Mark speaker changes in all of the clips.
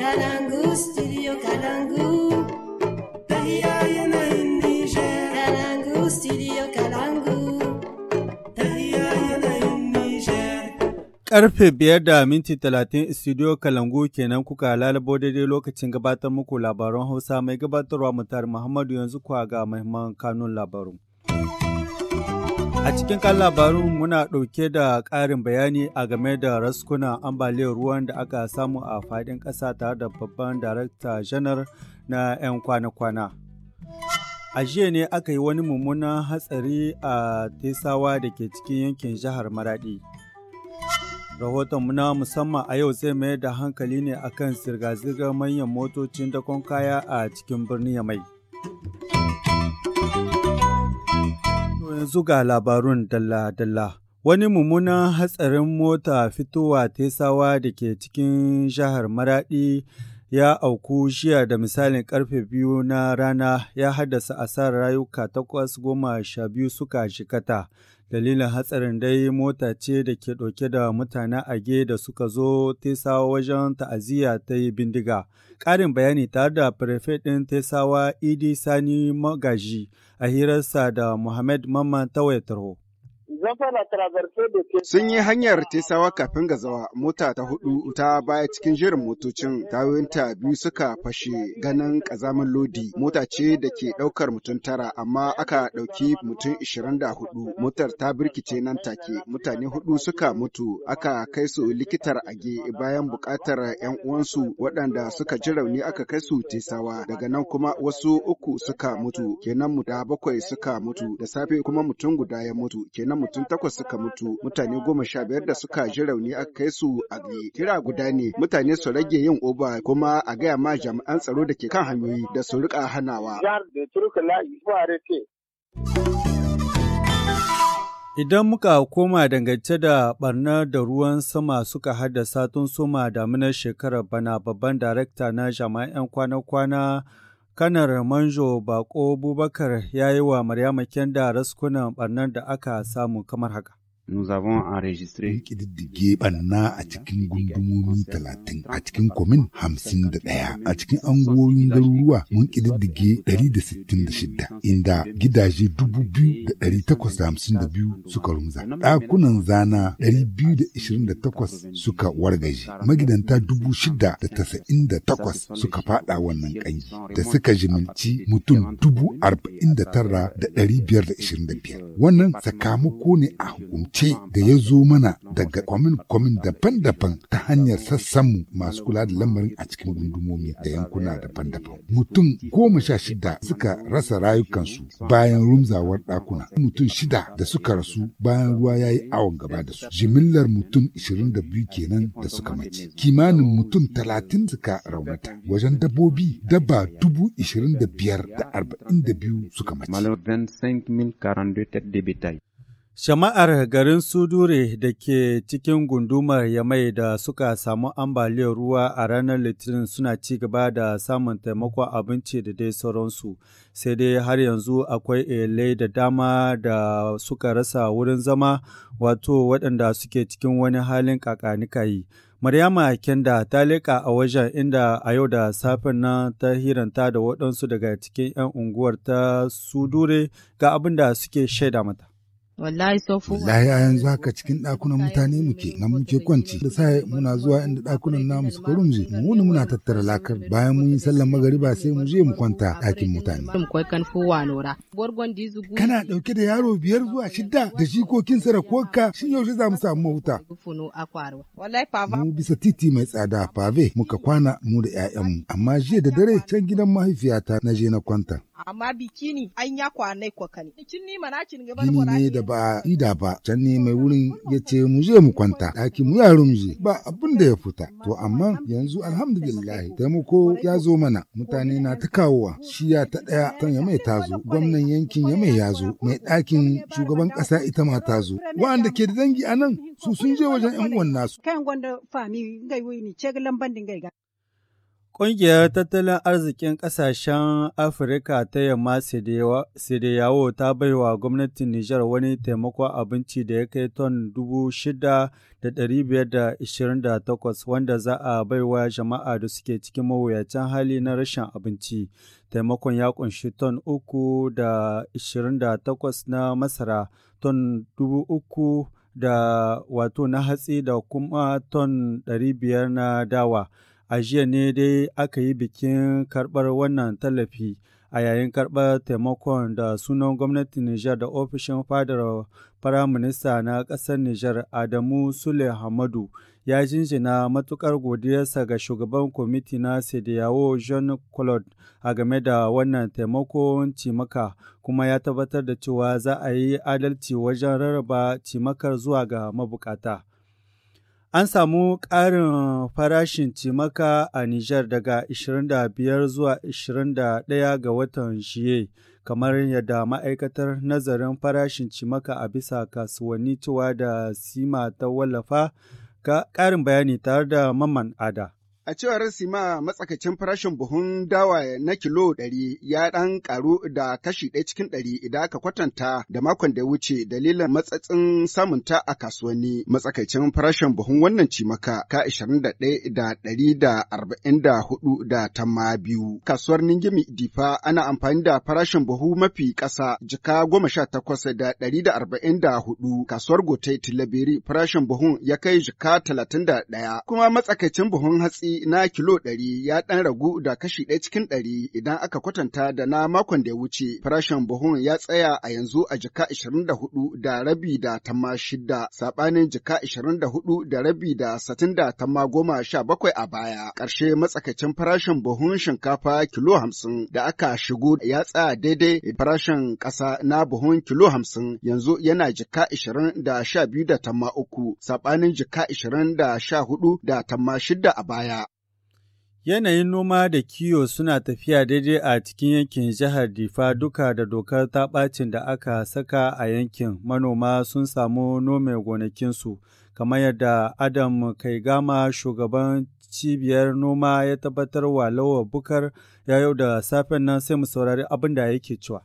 Speaker 1: Kalangu, Karfe biyar da minti talatin studio Kalangu kenan kuka lalabo daidai lokacin gabatar muku labaran Hausa mai gabatarwa mutar Muhammadu yanzu kwa ga mahimman kanun labarun. A cikin kan labarun muna ɗauke da ƙarin bayani a game da raskunan ambaliyar ruwan da aka samu a faɗin ƙasa tare da babban darakta janar na 'yan kwana-kwana. A jiya ne aka yi wani mummunan hatsari a Tesawa da ke cikin yankin jihar Maraɗi. Rahoton na musamman a yau zai mayar da hankali ne akan zirga-zirgar manyan motocin dakon kaya a cikin birnin Yamai. yanzu ga labarun dalla-dalla. Wani mummunan hatsarin mota fitowa tesawa da ke cikin jihar Maraɗi ya auku jiya da misalin karfe biyu na rana ya haddasa asarar rayuka takwas goma sha biyu suka shikata. Dalilin hatsarin dai mota ce da ke ɗauke da mutane age da suka zo tesawa wajen ta'aziyya ta yi bindiga. Ƙarin bayani tare da prefet ɗin tesawa Idi Sani Magaji. a hirarsa da Muhammad Mamman ta wayar tarho.
Speaker 2: Sun yi hanyar Tesawa kafin gazawa mota ta hudu ta baya cikin jerin motocin tayoyinta biyu suka fashe ganin kazamin lodi mota ce da ke daukar mutum tara amma aka dauki mutum 24 motar ta birkice nan take mutane hudu suka mutu aka kai su likitar age bayan bukatar yan uwansu waɗanda suka ji rauni aka kai su Tesawa daga nan kuma wasu uku suka mutu kenan mu da bakwai suka mutu da safe kuma mutum guda ya mutu kenan mutum takwas suka mutu, mutane goma sha biyar da suka ji rauni aka kai su a Kira guda ne mutane su rage yin oba kuma a gaya ma jami'an tsaro da ke kan hanyoyi da su rika hanawa.
Speaker 1: Idan muka koma dangance da barna da ruwan sama suka haddasa tun soma daminar shekarar bana babban darakta na jama'an kwana-kwana Kanar Manjo Bako Bubakar ya yi wa Maryama Kenda raskunan ɓarnar da aka samu kamar haka. nous avons enregistré ƙididdige banna a cikin gundumomi
Speaker 3: talatin a cikin komin hamsin da ɗaya a cikin anguwoyin garuruwa mun ƙididdige ɗari da sittin da inda gidaje dubu biyu da ɗari takwas da hamsin da biyu suka rumza ɗakunan zana ɗari biyu da ishirin da takwas suka wargaje magidanta dubu da takwas suka faɗa wannan kanji da suka jiminci mutum dubu arba'in da tara da ɗari biyar da da biyar wannan sakamako ne a hukumci ce da ya zo mana daga kwamin-kwamin daban-daban ta hanyar sassanmu masu kula da lamarin a cikin gundumomi da yankuna daban-daban. Mutum goma sha shida suka rasa rayukansu bayan rumzawar ɗakuna. Mutum shida da suka rasu bayan ruwa ya yi awon gaba da su. Jimillar mutum 22 kenan da suka mace. Kimanin mutum 30 suka raunata. Wajen dabbobi dabba dubu 25 da
Speaker 2: 42
Speaker 1: suka mace. Shama'ar garin Sudure da ke cikin gundumar Yamai da suka samu ambaliyar ruwa a ranar Litinin suna ci gaba da samun taimakon abinci da dai sauransu, sai dai har yanzu akwai elai da dama da suka rasa wurin zama wato waɗanda suke cikin wani halin yi. Maryama Kenda ta leƙa a wajen inda a yau da safin nan ta hiranta da waɗansu daga cikin 'yan unguwar ta Sudure ga abin da suke shaida mata.
Speaker 2: wallahi sofu
Speaker 3: wallahi a yanzu haka cikin ɗakunan mutane muke nan muke kwanci da sai muna zuwa inda ɗakunan namu su korum je mu ne muna tattara lakar bayan mun yi sallar magariba sai mu je mu kwanta ɗakin mutane kana ɗauke da yaro biyar zuwa shidda da jikokin sarakuwarka shin yaushe za mu samu mahuta mu bisa titi mai tsada pave muka kwana mu da 'ya'yanmu amma jiya da dare can gidan mahaifiyata na je na kwanta
Speaker 1: amma bikini an ya kwanai kwakani. Kin ni mana gaba da ne
Speaker 3: da ba ida ba can ne mai wurin ya ce mu je mu kwanta ɗaki mu yaro mu je ba abin da ya fita to amma yanzu alhamdulillah taimako ya zo mana mutane na ta kawowa shi ya ta ɗaya kan ya mai ta zo gwamnan yankin ya mai ya zo mai ɗakin shugaban ƙasa ita ma ta zo
Speaker 1: wa'anda ke da dangi a
Speaker 3: nan su sun je wajen 'yan uwan nasu.
Speaker 1: kan gwanda fami gai ni ce lamban dingai Ƙungiyar Tattalin Arzikin Ƙasashen Afirka ta Yamma Sidiyawo ta baiwa gwamnatin Nijar wani taimakon abinci da ya kai ton 6,528 wanda za a baiwa jama'a da suke cikin mawuyacin hali na rashin abinci. Taimakon ya ƙunshi ton 3,28 na masara, ton 3,000 da wato na hatsi da kuma ton 500 na dawa. A jiya ne dai aka yi bikin karɓar wannan tallafi a yayin karɓar taimakon da sunan gwamnatin Nijar da ofishin fadar Firaminista na ƙasar Nijar Adamu Sule Hamadu ya jinjina matuƙar godiyarsa ga shugaban kwamiti na Sediyawo Jean Claude a game da wannan taimakon cimaka kuma ya tabbatar da cewa za a yi adalci wajen rarraba cimakar zuwa ga mabukata. An samu ƙarin farashin cimaka a Nijar daga 25 zuwa 21 ga watan Shiye, kamar yadda ma'aikatar nazarin farashin cimaka a bisa kasuwanni tuwa da Sima ta wallafa, ƙarin bayani tare da Maman Ada.
Speaker 2: A cewar Sima matsakaicin farashin buhun dawa na kilo ɗari ya ɗan ƙaru da kashi ɗaya cikin ɗari idan aka kwatanta da makon da wuce dalilin matsatsin samunta a kasuwanni. Matsakaicin farashin buhun wannan cimaka ka ishirin da ɗaya da ɗari da arba'in da hudu da tamma biyu. Kasuwar Ningimi Difa ana amfani da farashin buhu mafi ƙasa jika goma sha takwas da ɗari da arba'in da hudu. Kasuwar Gotai Tilabiri farashin buhun ya kai jika talatin da ɗaya. Kuma matsakaicin buhun hatsi hatsi na kilo ɗari ya ɗan ragu da kashi ɗaya cikin ɗari idan aka kwatanta da na makon da ya wuce. Farashin buhun ya tsaya a yanzu a jika ishirin da hudu da rabi da tamma shida, saɓanin jika ishirin da hudu da rabi da satin da tamma goma sha bakwai a baya. Ƙarshe matsakaicin farashin buhun shinkafa kilo hamsin da aka shigo ya tsaya daidai farashin ƙasa na buhun kilo hamsin yanzu yana jika ishirin da sha biyu da tamma uku, saɓanin jika ishirin da sha hudu da tamma shida a baya.
Speaker 1: Yanayin noma da kiwo suna tafiya daidai a cikin yankin jihar Difa duka da dokar ta ɓacin da aka saka a yankin. Manoma sun samu nome gonakinsu, kamar yadda Adam kai gama shugaban cibiyar noma ya tabbatar wa Lawa Bukar ya yau da safen nan sai mu saurari abin da yake cewa.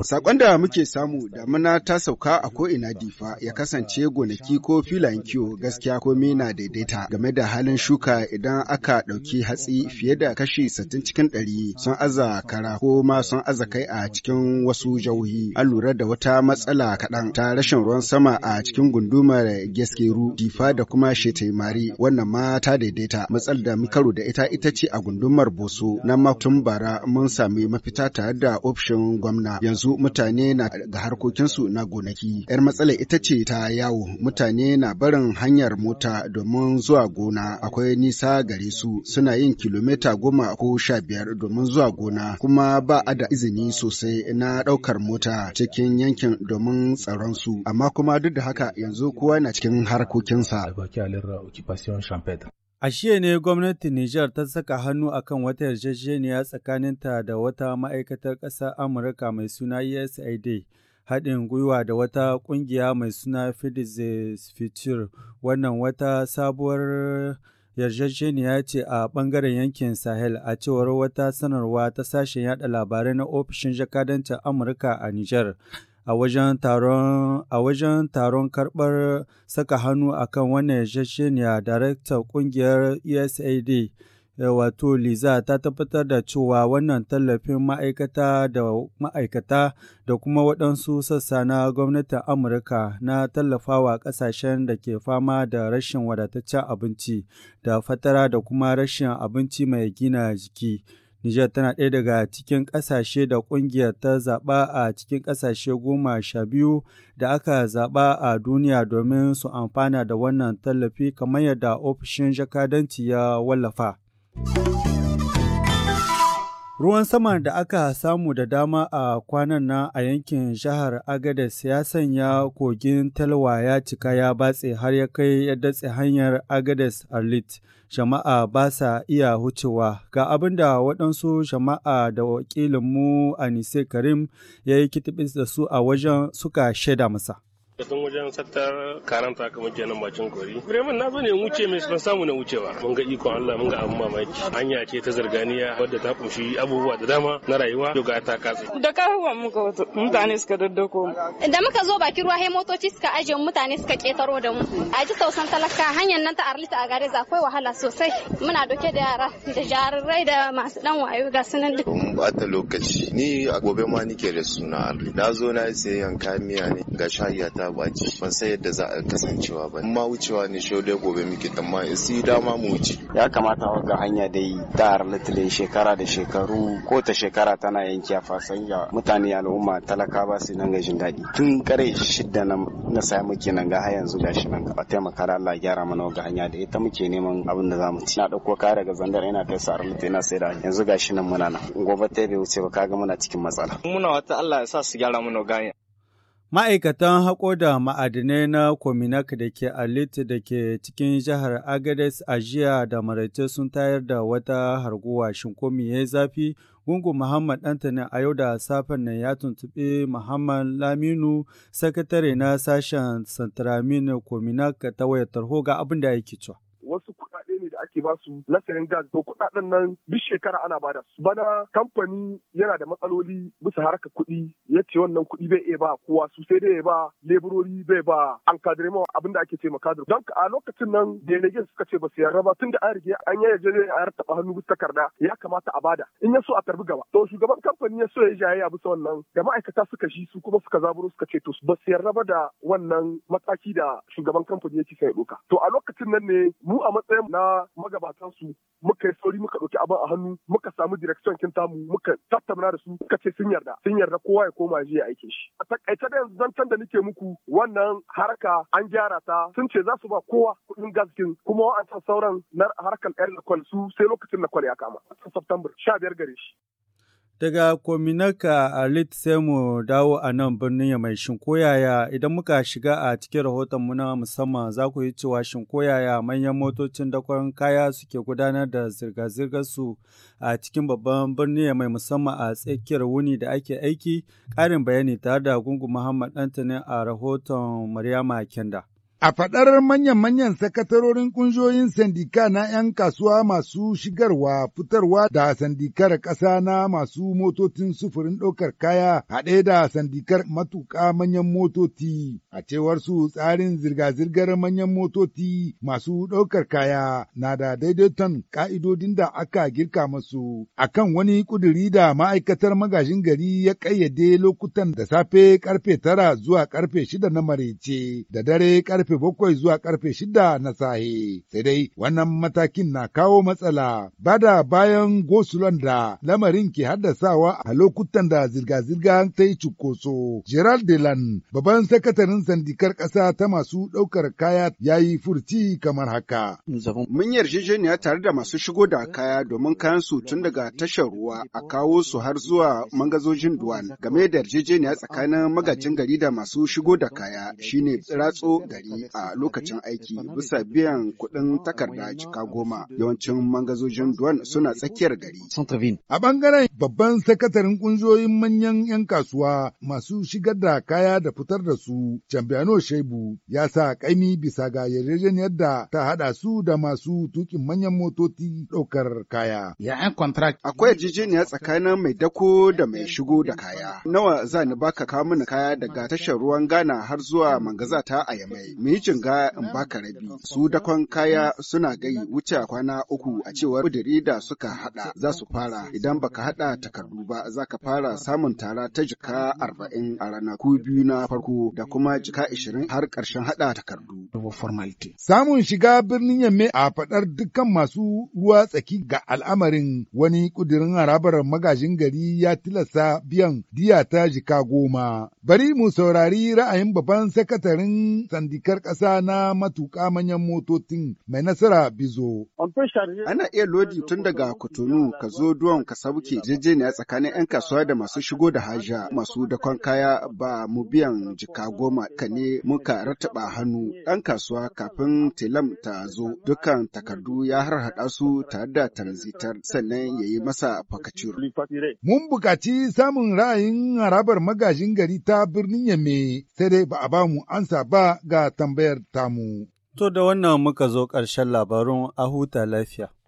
Speaker 1: Sakon
Speaker 2: da muke samu da mana ta sauka a ko'ina difa ya kasance gonaki ko filayen kiwo gaskiya ko na daidaita game da halin shuka idan aka ɗauki hatsi fiye da kashi 60 cikin ɗari sun aza kara ko ma sun aza kai a cikin wasu jauhi. An lura da wata matsala kaɗan ta rashin ruwan sama a cikin gundumar Geskeru, Difa da kuma Shetemari wannan ma ta daidaita. Matsalar da karo da ita ita ce a gundumar Boso na Matumbara bara mun sami mafita ta tare da ofishin gwamna yanzu mutane na ga harkokinsu na gonaki yar matsalar ita ce ta yawo mutane na barin hanyar mota domin zuwa gona akwai nisa gare su suna yin kilomita goma ko sha biyar domin zuwa gona kuma ba a da izini sosai na ɗaukar mota cikin yankin domin tsaron su amma kuma duk da haka yanzu kowa na cikin harkokinsa
Speaker 1: A shiye ne gwamnatin Nijar ta saka hannu a kan wata yarjejeniya tsakaninta da wata ma'aikatar ƙasar Amurka mai suna USAID, e haɗin gwiwa da wata ƙungiya mai suna Fidesz Future. Wannan wata sabuwar yarjejeniya ce a ɓangaren yankin Sahel a cewar wata sanarwa ta sashen yada labarai na ofishin jakadancin Amurka a Nijar. a wajen taron a wajen taron karɓar saka hannu akan wannan yarjejeniya daraktar ƙungiyar USAID e eh, wato Liza ta tabbatar da cewa wannan tallafin ma'aikata da ma'aikata da kuma waɗansu sassa na gwamnatin Amurka na tallafawa ƙasashen da ke fama da rashin wadataccen abinci da fatara da kuma rashin abinci mai gina jiki. Nijar tana ɗaya daga cikin ƙasashe da ƙungiyar ta zaɓa a cikin ƙasashe goma sha biyu da aka zaɓa a duniya domin su amfana da wannan tallafi kamar yadda ofishin jakadanci ya wallafa. Ruwan sama da aka samu da dama a kwanan nan a yankin jihar Agadez ya sanya kogin Talwa ya cika ya batse har ya kai ya datse hanyar Agadez Arlit. Jama'a ba sa iya hucewa. Ga abin da waɗansu jama'a da wakilinmu Anise Karim ya yi kitibis da su a wajen suka shaida masa. Kasan wajen sattar karanta kamar nan bakin kori. Bremen na zo ne wuce mai ban samu na wuce ba. Mun ga ikon Allah mun ga abun mamaki. Hanya ce ta zarganiya wadda ta kunshi abubuwa da dama na rayuwa to ga ta katse. Da mun ka wato mutane suka daddako mu.
Speaker 2: Da muka zo bakin ruwa hay motoci suka aje mutane suka ketaro da mu. A ji tausan talaka hanyar nan ta Arlita a gare akwai wahala sosai. Muna doke da yara da jarirai da masu dan wayo ga sunan duk. Mun bata lokaci. Ni a gobe ma nike da suna Arlita. Na zo na sai sayayyan kamiya ne ga shahiya ta baki ban san yadda za a kasancewa ba ma wucewa ne shi dai gobe muke amma isi dama mu wuce ya kamata wagga hanya dai ta harlatilin shekara da shekaru ko ta shekara tana yanki a fasan ya mutane al'umma talaka ba su nan gajin daɗi tun kare shidda na saya muke nan ga har yanzu shi nan a taimaka da Allah gyara mana wagga hanya da ita muke neman abin da zamu ci na dauko kaya daga zandar ina kai sa harlita ina sai da yanzu shi nan muna nan gobe ta bai wuce ba kaga muna cikin matsala
Speaker 1: muna wata Allah ya sa su gyara mana wagga hanya Ma'aikatan haƙo da ma'adinai na Kominak da ke Alit da ke cikin jihar Agades a jiya da maraice sun tayar da wata harguwa shinkomi ya zafi. Gungun Muhammad Antanin a yau da safen nan ya tuntuɓi Muhammad Laminu, sakatare na sashen Santramin Kominak ta wayar tarho ga abin da yake cewa.
Speaker 3: Wasu ne da ake ba su na gas ko kuɗaɗen nan duk shekara ana ba da su bana kamfani yana da matsaloli bisa haraka kuɗi ya ce wannan kuɗi bai iya ba kowa su sai dai ba leburori bai ba an kadirma abin da ake ce makadar don a lokacin nan delegate suka ce ba su yarda ba da an rige an yaye jere a yar taɓa hannu bisa takarda ya kamata a bada in ya so a tarbi gaba to shugaban kamfani ya so ya a bisa wannan da ma'aikata suka shi su kuma suka zaburo suka ce to ba su yarda ba da wannan mataki da shugaban kamfani ya ci sai ɗauka to a lokacin nan ne mu a matsayin na magabatan su muka yi sauri muka ɗauki abin a hannu muka samu direction kin tamu muka tattauna da su muka ce sun yarda sun yarda kowa ya koma ya aike shi a takaice da yanzu zancen da nake muku wannan harka an gyara ta sun ce za su ba kowa kuɗin gaskin kuma wa'ancan sauran na harkar ɗan lakwal su sai lokacin lakwal ya kama September sha biyar gare shi
Speaker 1: Daga Kominaka a Lit sai mu dawo a nan birnin ya mai koyaya idan muka shiga a cikin rahoton na musamman za ku yi cewa koyaya manyan motocin dakon kaya suke gudanar da zirga-zirgar su a cikin babban birnin ya mai musamman a tsakiyar wuni da ake aiki ƙarin bayani tare da gungun Muhammad Antani a rahoton Maryama Kenda.
Speaker 3: A faɗar manyan-manyan sakatarorin ƙungiyoyin sandika na ‘yan kasuwa masu shigarwa, fitarwa da sandikar ƙasa na masu motocin sufurin ɗaukar kaya haɗe da sandikar matuƙa manyan motoci, a cewar su tsarin zirga-zirgar manyan motoci masu ɗaukar kaya na da daidaiton ƙa'idodin da aka girka masu. A kan wani ƙuduri da ma'aikatar magajin gari ya ƙayyade lokutan da safe ƙarfe tara zuwa ƙarfe shida na marece da dare ƙarfe karfe bakwai zuwa karfe shida na sahe. Sai dai wannan matakin na kawo matsala bada bayan gosulon da lamarin ke haddasawa a lokutan da zirga-zirga ta yi cikoso. Gerald Delan, babban sakataren sandikar ƙasa ta masu ɗaukar kaya ya yi furci kamar haka.
Speaker 2: Mun yarjejeniya tare da masu shigo da kaya domin kayan su tun daga tashar ruwa a kawo su har zuwa mangazojin duwan game da yarjejeniya tsakanin magajin gari da masu shigo da kaya shine ratso gari a lokacin aiki bisa biyan kuɗin takarda cika goma yawancin mangazojin duwan suna tsakiyar gari. A ɓangaren
Speaker 3: babban sakataren ƙungiyoyin manyan
Speaker 2: 'yan kasuwa masu shigar da kaya da fitar da
Speaker 3: su Jambiano Shebu ya sa ƙaimi bisa ga yarjejeniyar da ta haɗa su da masu tukin manyan motoci ɗaukar kaya.
Speaker 2: Akwai yarjejeniya tsakanin mai dako da mai shigo da kaya. Nawa za ni baka kawo mana kaya daga tashar ruwan Ghana har zuwa mangazata a Yamai. ni ga in baka rabi su dakon kaya suna gai wuce kwana uku a cewar kudiri da suka hada za su fara idan baka hada takardu ba za ka fara samun tara ta jika arba'in a rana ranaku biyu na farko da kuma jika ishirin har ƙarshen hada takardu. Samun shiga birnin Yamme
Speaker 3: a faɗar dukkan masu ruwa tsaki ga al'amarin wani kudirin harabar magajin gari ya tilasta biyan diya ta jika goma. Bari mu saurari ra'ayin babban sakatarin sandikar ƙasa na matuƙa manyan motocin mai nasara bizo.
Speaker 2: Ana iya lodi tun daga Kotonu ka zo duwan ka sauke jejeniya tsakanin 'yan kasuwa da masu shigo da haja masu dakon kaya ba mu biyan jika goma ka ne muka rattaba hannu ɗan kasuwa kafin tilam ta zo dukkan takardu ya harhaɗa su tare da transitar sannan ya yi masa fakaciro.
Speaker 3: Mun buƙaci samun ra'ayin harabar magajin gari ta birnin Yamme sai dai ba a ba mu ansa ba ga tambayar tamu.
Speaker 1: To da wannan muka zo ƙarshen labarun a huta lafiya.